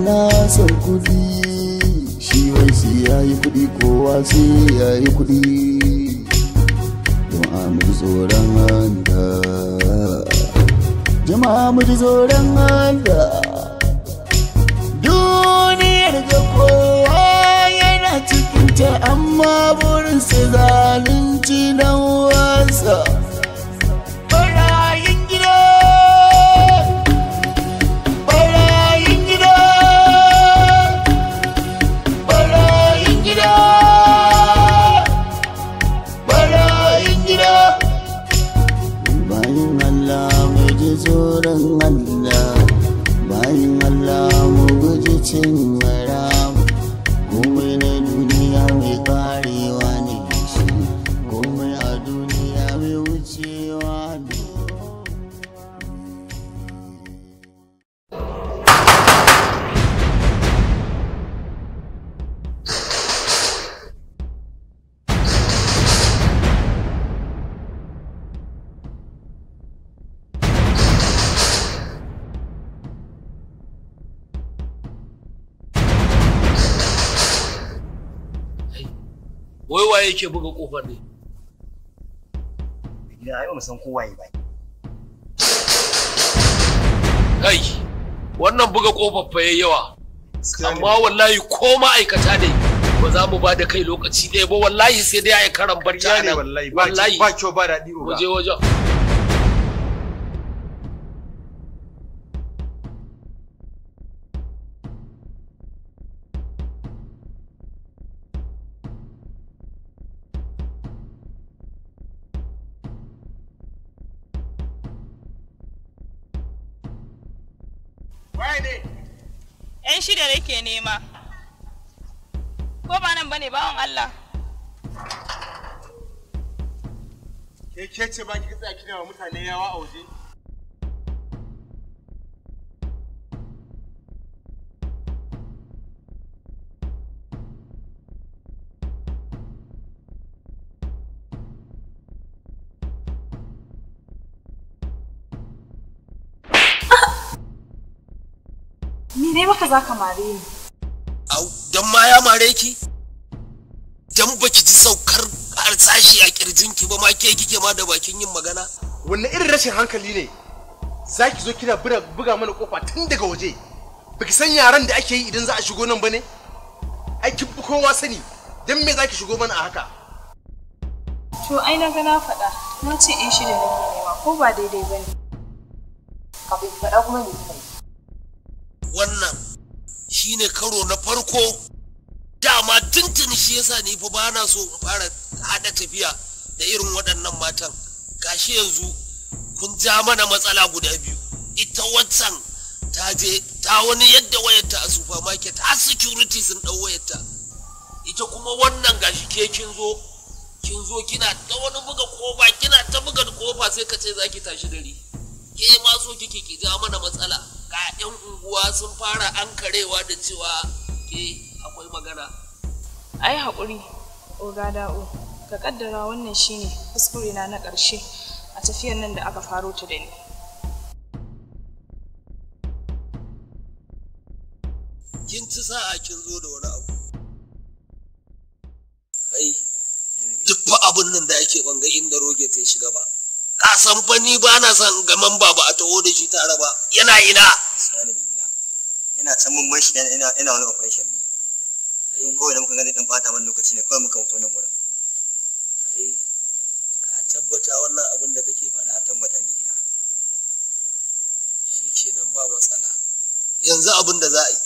na son kuɗi shi wai sai yayi kudi kuɗi kowa sai yayi kudi kuɗi jama'a mu ji tsoron Allah jama'a mu ji tsoron anda duniyar ga kowa yana cikinta amma burin sai zalunci dan wasa bayan Allah bayan Allah mu guji cin yake buga kofar ne gida ai mu san kowaye ba kai wannan buga kofar fa yawa amma wallahi ko ma'aikata ne ba za mu ba da kai lokaci ɗaya ba wallahi sai dai a yi karan barci a nan wallahi ba kyau ba daɗi ba waje waje kuke nema ko ba nan bane bawan Allah ke ce ba ki tsaya kina wa mutane yawa a waje ne maka za ka mare ni. Au, don ma ya mare ki? Don ba ki ji saukar harsashi a ki ba ma ke kike ma da bakin yin magana? Wanne irin rashin hankali ne? Za ki zo kina buga mana kofa tun daga waje. Baki san yaran da ake yi idan za a shigo nan ba ne? Ai, kin fi kowa sani. Don me za ki shigo mana a haka? To, ai na ga na faɗa. Na ce in shi da nake nema ko ba daidai ba ne. Kafin faɗa kuma ne kai. wannan shine karo na farko dama tuntun shi yasa ni fa bana so in fara hada tafiya da irin waɗannan matan gashi yanzu kun ja mana matsala guda biyu ita wancan ta je ta wani yadda wayarta a supermarket har security sun ɗau wayarta ita kuma wannan gashi ke kin zo kin zo kina ta wani buga kofa kina ta buga kofa sai ka ce zaki tashi dare ke ma so kike ki ja mana matsala ga 'yan unguwa sun fara ankarewa da cewa ke akwai magana ai haƙuri oga da'o ka ƙaddara wannan shine kuskure na na ƙarshe a tafiyar nan da aka faro ta da ni kin ci sa'a kin zo da wani abu ai duk fa abin nan da ake banga inda roge ta shiga ba a san fa ni ba na san gaman baba a taho da shi tare ba yana ina yana can mun shi ina ina wani operation ne kawai da muka gani dan bata man lokaci ne kawai muka mutu nan gurin kai ka tabbata wannan abin da kake faɗa tabbata ni gida shikenan ba matsala yanzu abin da za a yi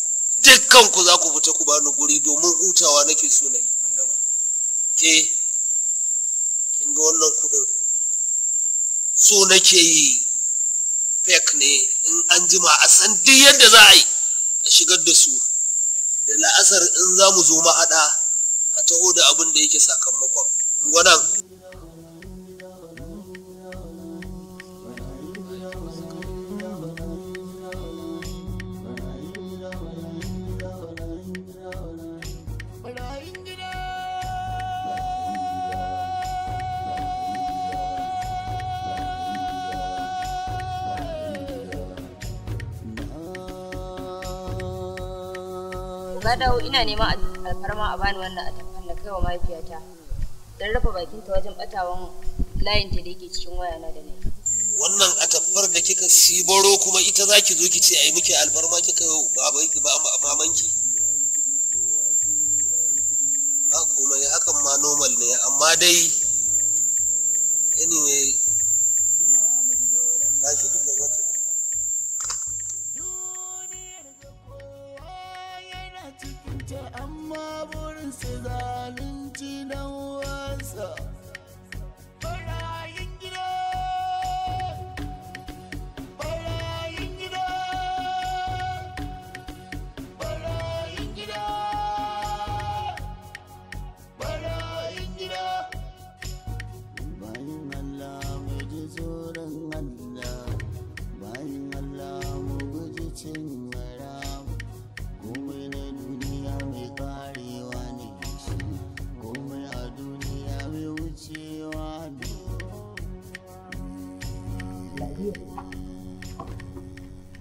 dukkan ku za ku fita ku bani guri domin hutawa nake so na yi ke kin ga wannan kuɗin so nake yi fake ne in an jima a san duk yadda za a yi a shigar da su da la'asar in za mu zo mahaɗa a taho da abin da yake sakamakon gwanan na dawo ina neman alfarma a bani wannan atamfar na kai wa mahaifiyata don rufe bakinta wajen batawan layin ta da yake cikin waya na da ne wannan atamfar da kika sibaro kuma ita za ki zo ki ce a yi miki alfarma kika yi babanki ba mamanki ba komai hakan ma normal ne amma dai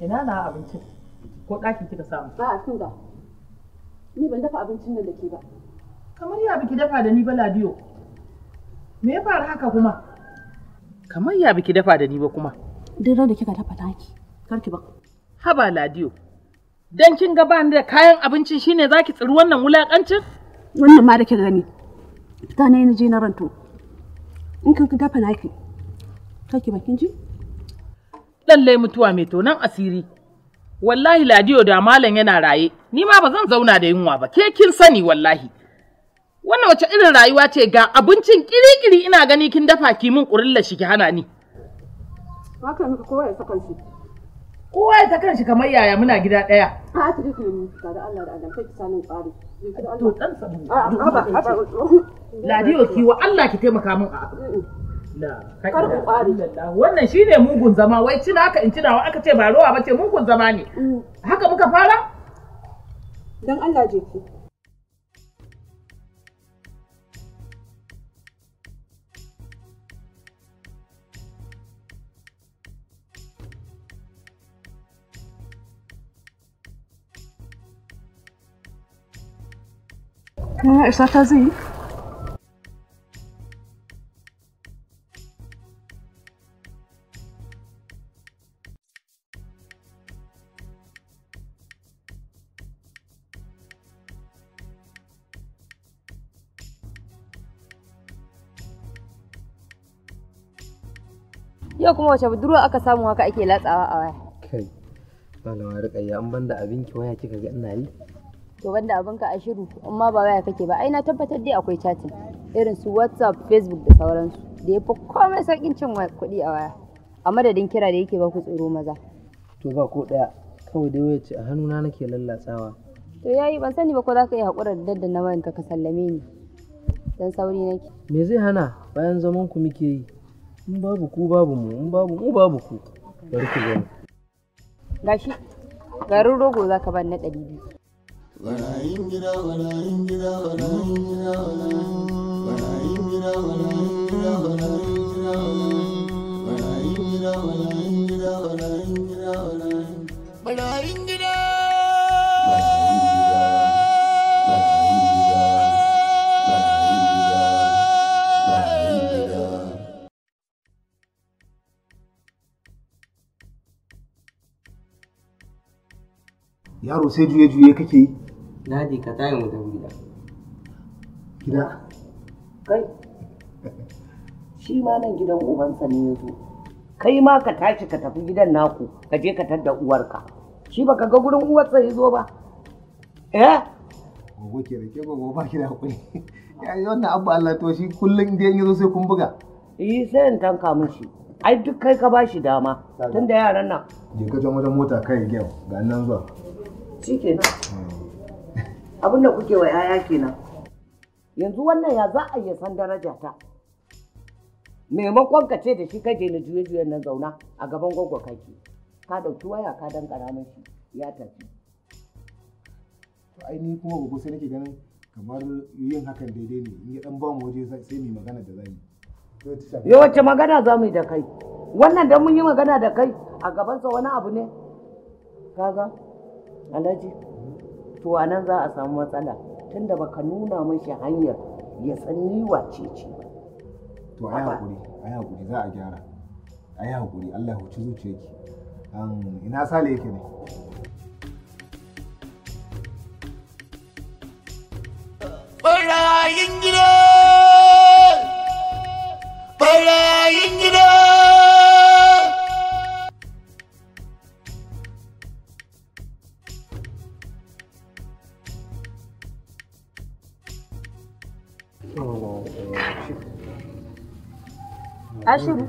ina na abincin ko ɗakin kika samu a'a kin ga ni ban dafa abincin nan da ke ba kamar ya biki dafa da ni ba ladiyo me ya faru haka kuma kamar ya biki dafa da ni ba kuma duk da kika dafa taki karki ba haba ladiyo dan kin ga bani da kayan abincin shine zaki tsiri wannan wulakancin wannan ma da kika gani fita na ni je na ranto in kin dafa naki kake kin ji lallai mutuwa mai tonan asiri wallahi ladiyo da malam yana raye ni ma ba zan zauna da yunwa ba ke kin sani wallahi wannan wace irin rayuwa ce ga abincin kirikiri ina gani kin dafa ki min kurilla shi ki hana ni haka kowa ya saka shi kamar yaya muna gida ɗaya. a ta ki ladiyo ki wa Allah ki taimaka min a kar ku ƙwari wannan shine mugun zama wai cina haka in cinawa aka ce ba ruwa ba ce mugun zama ne mm. haka muka fara don Allah je ki da sie? yau kuma wace budurwa aka samu haka ake latsawa a waya kai malama rikayya an banda abin ki waya kika ga ina yi to banda abin ka a shiru amma ba waya kake ba ai na tabbatar dai akwai chatting irin su whatsapp facebook da sauransu da ya fi komai sakin cin kuɗi a waya a madadin kira da yake ba ku tsoro maza to ba ko ɗaya kawai dai waya ce a hannuna nake lallatsawa to yayi ban sani ba ko za ka yi haƙura da daddana wayanka ka sallame ni dan sauri nake me zai hana bayan zaman ku muke yi in babu ku babu mu in babu mu babu ku bari ku zo gashi garin rogo za ka ban na ɗari biyu Walayin gida walayin gida walayin gida walayin gida walayin gida walayin gida walayin gida walayin gida walayin gida walayin gida walayin gida yaro sai juye-juye kake yi dadi ka tayi mu gida gida kai shi ma nan gidan ubansa ne ya zo kai ma ka tashi ka tafi gidan naku ka je ka tadda uwarka shi baka ga gurin uwarsa ya zo ba eh gogo ke rake gogo ba ki da hakuri ya yi wannan abu Allah to shi kullum da ya zo sai kun buga eh sai in tanka mishi ai duk kai ka bashi dama tunda yaran nan je ka wajen mota kai gyau ga nan zuwa shi nan, hmm. abin da kuke wa 'ya'ya kenan yanzu wannan ya za a iya san daraja ta maimakon ka ce da shi kaje na juye juyen nan zauna a gaban gwagwa kake ka dauki waya ka dan karamin shi ya tafi ai ni kuma gogo sai nake ganin kamar yin hakan daidai ne in ya dan ba mu waje sai mu magana da zai yo wace magana za mu yi da kai wannan dan mun yi magana da kai a gabansa wani abu ne kaga alhaji to a nan za a samu matsala tunda baka nuna mashi hanyar ya san ni wace ce to ai hakuri ai hakuri za a gyara ai hakuri Allah ya huci zuciyarki ina sale yake ne barayin gida barayin gida Ashiru.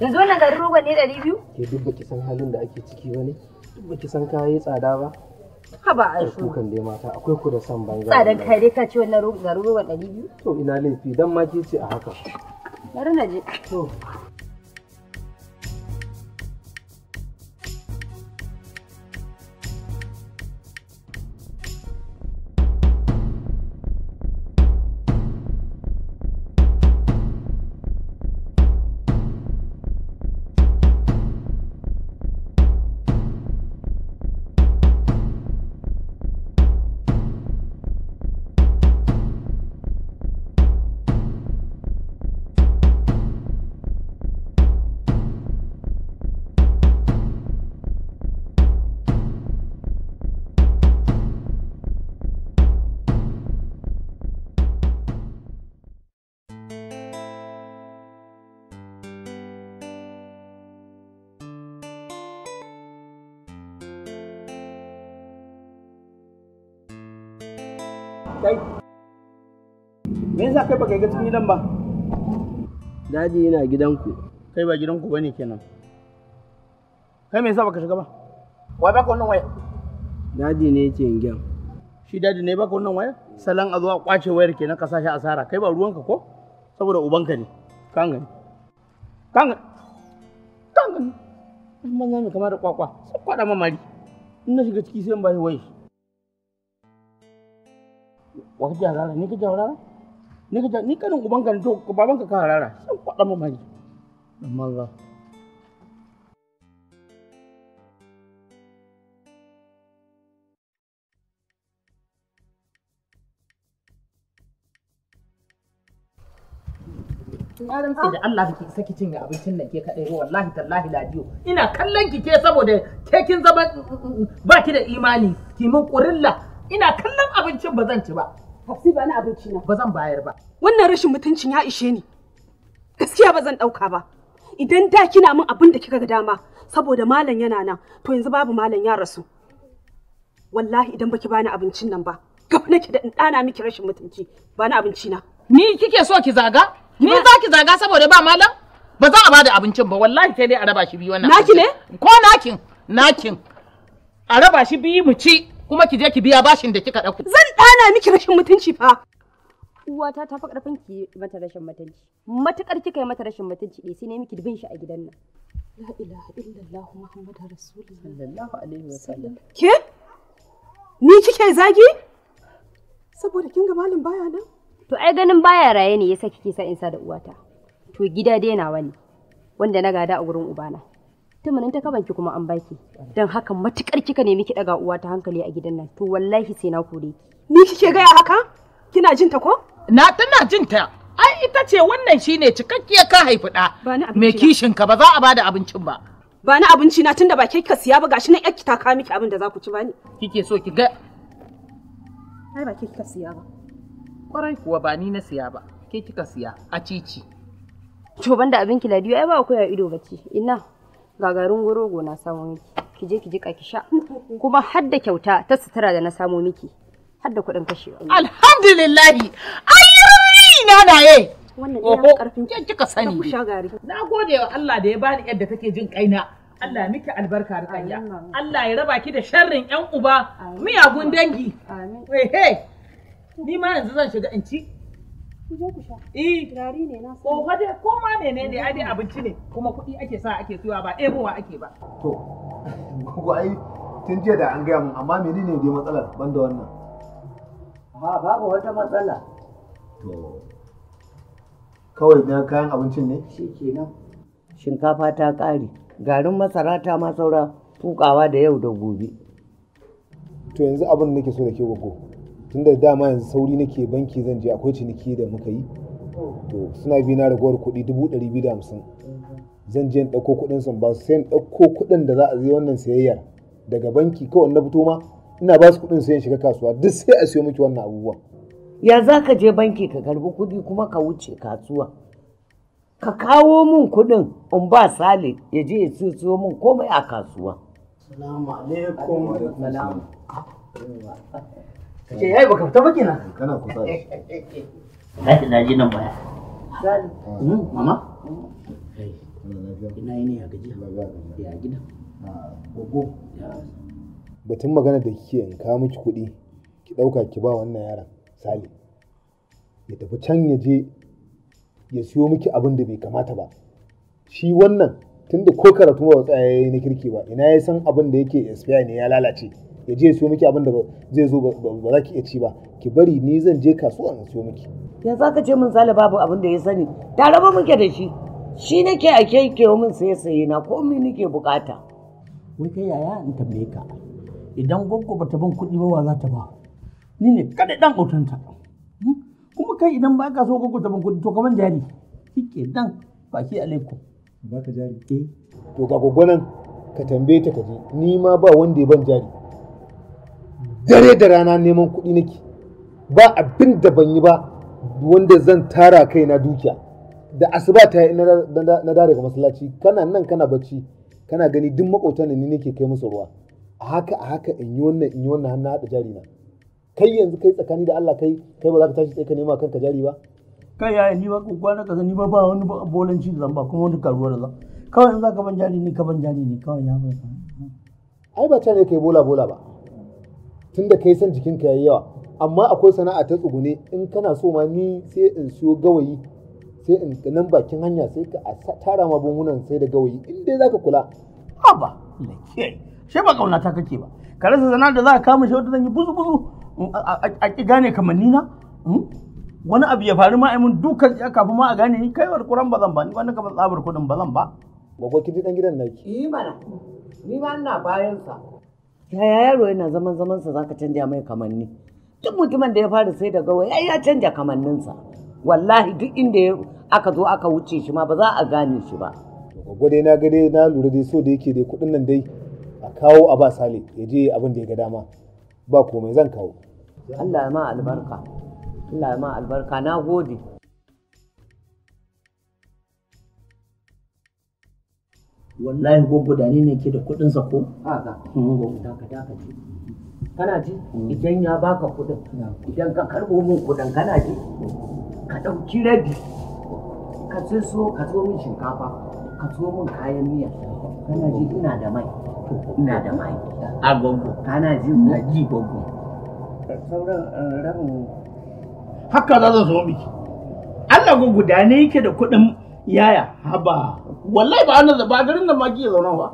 In zo na garin rogo ne ɗari biyu? Ke duk baki san halin da ake ciki ba ne? Duk baki san kayi tsada ba? Haba Ashiru. Kukan dai mata akwai ku da san banza. Tsadan kai dai ka ce wannan garin rogo ɗari biyu? To ina laifi dan ma ke ce a haka. Bari na je. To. me yasa kai baka ga cikin gidan ba daji yana gidanku kai ba gidanku bane kenan kai me yasa baka shiga ba wai baka wannan waya daji ne yake ingen shi daji ne baka wannan waya salan a zuwa kwace wayar kenan ka sashi asara kai ba ruwanka ko saboda ubanka ne kan gani kan gani kan gani amma za mu kama da kwakwa sai kwada mamari in na shiga ciki sai in ba shi wai wa kake hasara ni kake hasara ni ka ni kanin uban ka to baban ka ka harara san kwada mamaki dan manza na da Allah kike saki cin abincin nan ke kadai wallahi tallahi ladiyo ina kallon ki ke saboda ke kin zama mm, mm, mm, baki da imani kimin kurilla ina kallon abincin ba zan ci ba Tafsi ba ni abinci na. Ba zan bayar ba. Wannan rashin mutuncin ya ishe ni. Gaskiya ba zan ɗauka ba. Idan da kina min abin da kika ga dama saboda malam yana nan to yanzu babu malam ya rasu. Wallahi idan baki bani abincin nan ba gab nake da in ɗana miki rashin mutunci ba ni abinci na. Ni kike so ki zaga? Ni za ki zaga saboda ba malam? Ba za a bada abincin ba wallahi sai dai a raba shi biyu wannan. Naki ne? Ko nakin? Nakin. A raba shi biyu mu ci. kuma ki je ki biya bashin da kika ɗauko. Zan ɗana miki rashin mutunci fa. Uwata ta fa ƙarfin ki mata rashin mutunci. Matuƙar kika yi mata rashin mutunci ɗaya eh, sai ne miki dubin shi a gidan nan. La ilaha illallah Muhammadu Rasulullah. Sallallahu alaihi wa sallam. Ke? Ni kike zagi? Saboda kin ga malam baya nan? To ai ganin baya raye ne yasa kike sa in sa da uwata. To gida dai nawa ne wanda na gada a gurin ubana. tumanin ta kabanki kuma an baki don haka matukar kika nemi ki daga uwa ta hankali a gidan nan to wallahi sai na kore ki ni kike gaya haka kina jin ta ko na tana jin ta ai ita ce wannan shine cikakkiya ka haifi da me kishin ka ba za a bada abincin ba ba ni abinci na tunda ba ke kika siya ba gashi nan yakki ta kawo miki abin da za ku ci bani kike so ki ga ai ba ke kika siya ba kwarai kuwa ba ni na siya ba ke kika siya a cici to banda abin ki ladiyo ai ba ku ya ido bace ina ga garin gorogo na samu miki ki je ki jika kuma har da kyauta ta sutura da na samu miki har da kuɗin kashewa alhamdulillah ayyuri na ye wannan iya karfin ki kika sani na gode wa Allah da ya bani yadda take jin kaina Allah miki albarka da Allah ya raba ki da sharrin yan uba miyagun dangi amin ni ma yanzu zan shiga in ci Kuje ku sha. Eh. ne na sani. Oho dai ko ma menene ai dai abinci ne kuma kuɗi ake sa ake siyowa ba ɗebowa ake ba. To ko ai tun jiya da an gaya mun amma menene dai matsalar ban da wannan? Ba babu wata matsala. To kawai na kayan abincin ne? Shi kenan. Shinkafa ta ƙare, garin masara ta ma saura tukawa da yau da gobe. To yanzu abin nake so da ke gogo. tunda dama yanzu sauri nake banki zan je akwai ciniki da muka yi to suna bi na ragowar kuɗi dubu ɗari biyu da zan je in ɗauko kuɗin sun ba sai in ɗauko kuɗin da za a zai wannan sayayyar daga banki kawai na fito ma ina ba su kuɗin sayan shiga kasuwa duk sai a siyo miki wannan abubuwa ya za ka je banki ka karbi kuɗi kuma ka wuce kasuwa ka kawo min kuɗin in ba sale ya je ya siyo min komai a kasuwa. Kace yayi baka fita ba kenan. Kana kusa. Lati na ji nan baya. Sali. Hmm, mama. Ina yi ne ya gaji. Ya gida. Ah, gogo. Batun magana da kike in kawo miki kuɗi ki ɗauka ki ba wannan yaron Sali. Ya tafi can ya je ya siyo miki abin da bai kamata ba. Shi wannan tunda ko karatu ba tsaya na kirki ba ina ya san abin da yake expire ne ya lalace. ya je ya siyo miki abin da zai zo ba za ki iya ci ba ki bari ni zan je kasuwa in siyo miki yanzu aka ce min sale babu abin da ya sani tare ba muke da shi shi nake a ke ke min saye saye na ko mi nake bukata wai kai yaya in tambaye ka idan gwaggo ba ta ban kuɗi ba wa za ta ba ni ne kada dan autanta hmm? kuma kai idan ba ka so gwaggo ta ban kuɗi to kaman jari kike dan baki alaikum ba ka jari eh to ga gwaggo nan ka tambaye ta ka ji ni ma ba wanda ya ban jari dare da rana neman kuɗi nake ba abin da ban yi ba wanda zan tara kai na dukiya da asuba ta yi na dare ga masallaci kana nan kana bacci kana gani duk makota ne ni nake kai musu ruwa a haka a haka in yi wannan in yi wannan har na haɗa jari na kai yanzu kai tsakani da Allah kai kai ba za ka tashi tsaye ka nema kanka jari ba kai ya ni ba na ka ni ba ba wani bolanci da zamba kuma wani karuwa da za kawai in za ka ban jari ne ka ban jari ne kawai ya ba ai ba ta ne kai bola bola ba tunda kai san jikinka ya yi yawa amma akwai sana'a ta tsugune in kana so ma ni sai in siyo gawayi sai in nan bakin hanya sai ka a tara ma bungunan sai da gawayi in dai zaka kula haba lake shi ba kauna ta kake ba ka rasa sana'a da za ka kama shi wata zan yi buzu buzu a ki gane kamar na hmm? wani abu ya faru ma yi dukan ya kafin ma a gane ni kai kuran ba zan ba ni ba ka ba tsabar kudin ba zan ba ba ko kifi dan gidan naki eh mana ni ba ina bayan sa yaya yaro yana zaman zaman sa zaka canja mai kamanni duk mutumin da ya fara sai da wai ai ya canja kamannin sa wallahi duk inda aka zo aka wuce shi ma ba za a gane shi ba dai na dai na lura dai so da yake dai kudin nan dai a kawo a ba sale ya je abin da ya ga dama ba komai zan kawo Allah ya ma albarka Allah ya ma albarka na gode wallahi gogo da ne ke da kudin sa ko a ga gogo da ka da ka ji kana ji hmm. idan ya baka kuɗin idan ka karbo min kuɗin kana ji ka ɗauki rabi ka ce so ka zo min shinkafa ka zo min kayan miya kana ji ina da mai ina da mai a gogo kana ji na ji gogo sauran eh, rabin haka za zo miki Allah gogo da ne yake da kuɗin yaya haba wallahi ba annan ba garin nan ma kike zauna ba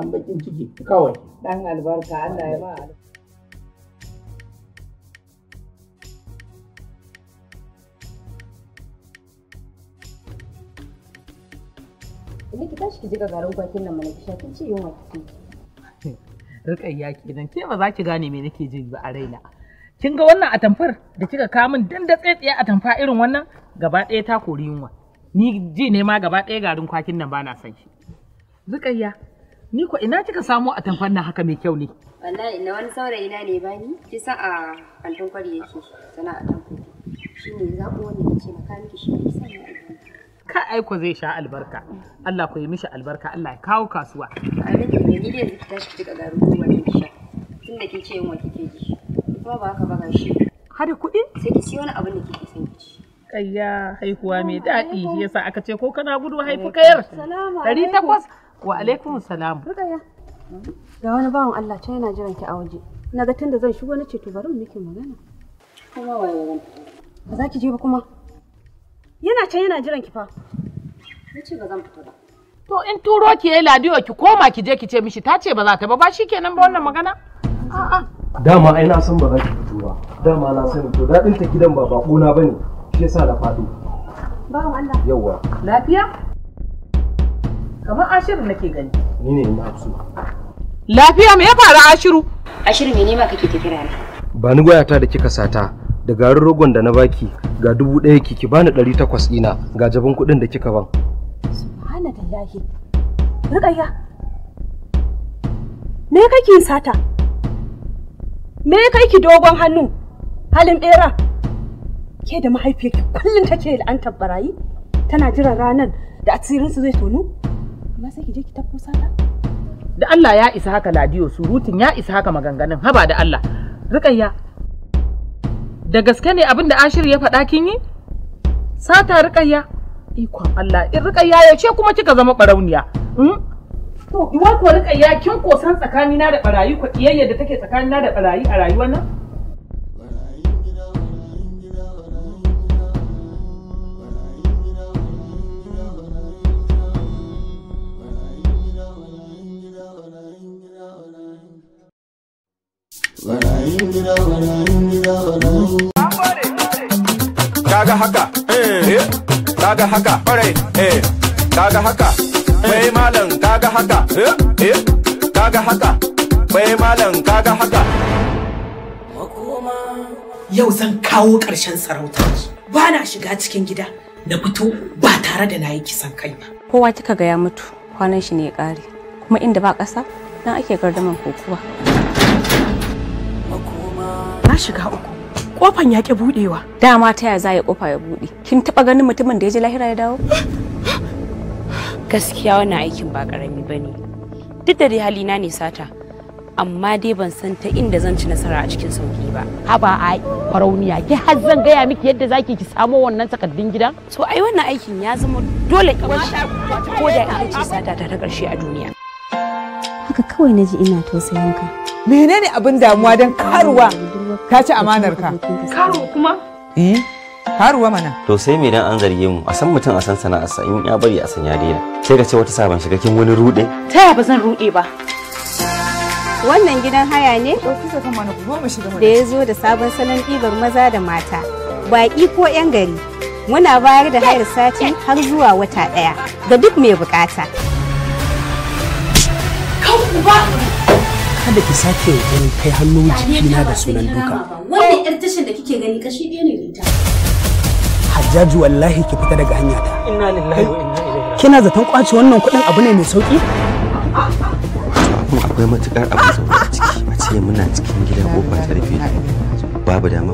an bakin ciki kawai dan albarka Allah ya ba Ni ki tashi garin kwakin nan mana ki sha kin ci yunwa kike. Rukayya kenan ke ba za ki gane me nake ji ba a raina. Kin ga wannan atamfar da kika kawo min dan da tsaye a tamfa irin wannan gaba ɗaya ta kori yunwa. ni ji ne ma gaba ɗaya garin kwakin nan ba na san shi zukayya ni ko ina kika samo a tamfan nan haka mai kyau ne wallahi ina wani saurayi na ne ni, ki sa a kantin kwari yake sana'a tan shi ne za ku wani ce maka miki shi ne sanya ka aiko zai sha albarka Allah ku yi mishi albarka Allah ya kawo kasuwa a nake ne ni dai zai ki tashi ki ga garin ruwa ne ki sha ce yin wa kike ji kuma ba haka ba ga shi hada kuɗi sai ki siyo wani abin da kike son kayya haihuwa mai daɗi yasa aka ce ko kana gudu haifi kayar ɗari takwas wa alaikum salam ga wani bawan Allah can yana jiran ki a waje na ga tunda zan shigo na ce to bari miki magana kuma ba za ki je ba kuma yana can yana jiran ki fa na ce ba zan fita ba to in turo ki yayi ladiyo ki koma ki je ki ce mishi ta ce ba za ta ba ba shikenan ba wannan magana a'a dama ai na san ba za ki fito ba dama na san to dadin ta gidan ba bako na bane shi yasa da faɗo bawan Allah yawa lafiya kamar ashirin nake gani ni ne ina su lafiya me ya faru ashiru ashiru me nema kake ta kira ba ni wayata da kika sata da garin rogon da na baki ga dubu ɗaya kiki bani ɗari takwas ɗina ga jabin kuɗin da kika ban subhanallahi riƙayya me kake sata me kai ki dogon hannu halin ɓera ke da mahaifiyarki kullum ce la'antar barayi tana jiran ranar da asirinsu zai tonu amma sai ki je ki tafi sata da Allah ya isa haka ladiyo surutun ya isa haka maganganun haba da Allah rikayya da gaske ne abin da Ashir ya faɗa kin yi sata rikayya ikon Allah in rikayya ya ce kuma kika zama barauniya hmm? to iwa ko rikayya kin kosan tsakanina da barayi ko iyayya da take tsakanina da barayi a rayuwar nan kaga haka eh kaga haka kwarai eh kaga haka bai eh, eh, malam kaga haka eh, eh kaga haka bai malam kaga haka makoma yau zan kawo ƙarshen sarauta ba na shiga cikin gida na fito ba tare da na yi kisan kai ba kowa kika ga ya mutu kwanan shi ne ya ƙare kuma inda ba ƙasa nan ake gardaman kokuwa shiga uku kofan ya ki budewa dama ta ya za ya kofa ya bude kin taɓa ganin mutumin da ya je lahira ya dawo gaskiya wannan aikin ba karami bane duk da dai halina ne sata amma dai ban san ta inda zan ci nasara a cikin sauki ba haba a farauniya ki har zan gaya miki yadda zaki ki samo wannan takardun gidan to ai wannan aikin ya zama dole ko da ita ce sata ta ta karshe a duniya haka kawai naji ina tausayin ka menene abin damuwa don karuwa ka ci amanar ka karo kuma eh karuwa mana to sai me dan an zarge mu a san mutum a san sa in ya bari a san ya daina sai ka ce wata sabon shiga kin wani rude ta ba zan rude ba wannan gidan haya ne da ya zo da sabon salon ibar maza da mata baƙi ko 'yan gari muna bayar da hayar sati har zuwa wata ɗaya ga duk mai bukata. Kan uba! kada ki sake wani kai hannu jikina da sunan duka wannan yar tashin da kike gani kashi ɗaya ne da ita Hajjaji wallahi ki fita daga hanya ta inna lillahi wa inna ilaihi kina zaton kwace wannan kuɗin abu ne mai sauki kuma akwai matukar abu sauki a ciki a ce muna cikin gida kofa ta rufe babu dama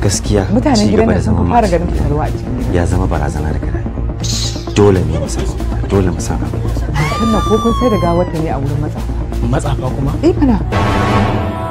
gaskiya mutanen gidan da sun fara ganin fitarwa a ciki. ya zama barazana daga rayuwa dole ne mu san dole mu san abin nan ko kun sai da ta ne a wurin matsafa matsafa kuma eh kana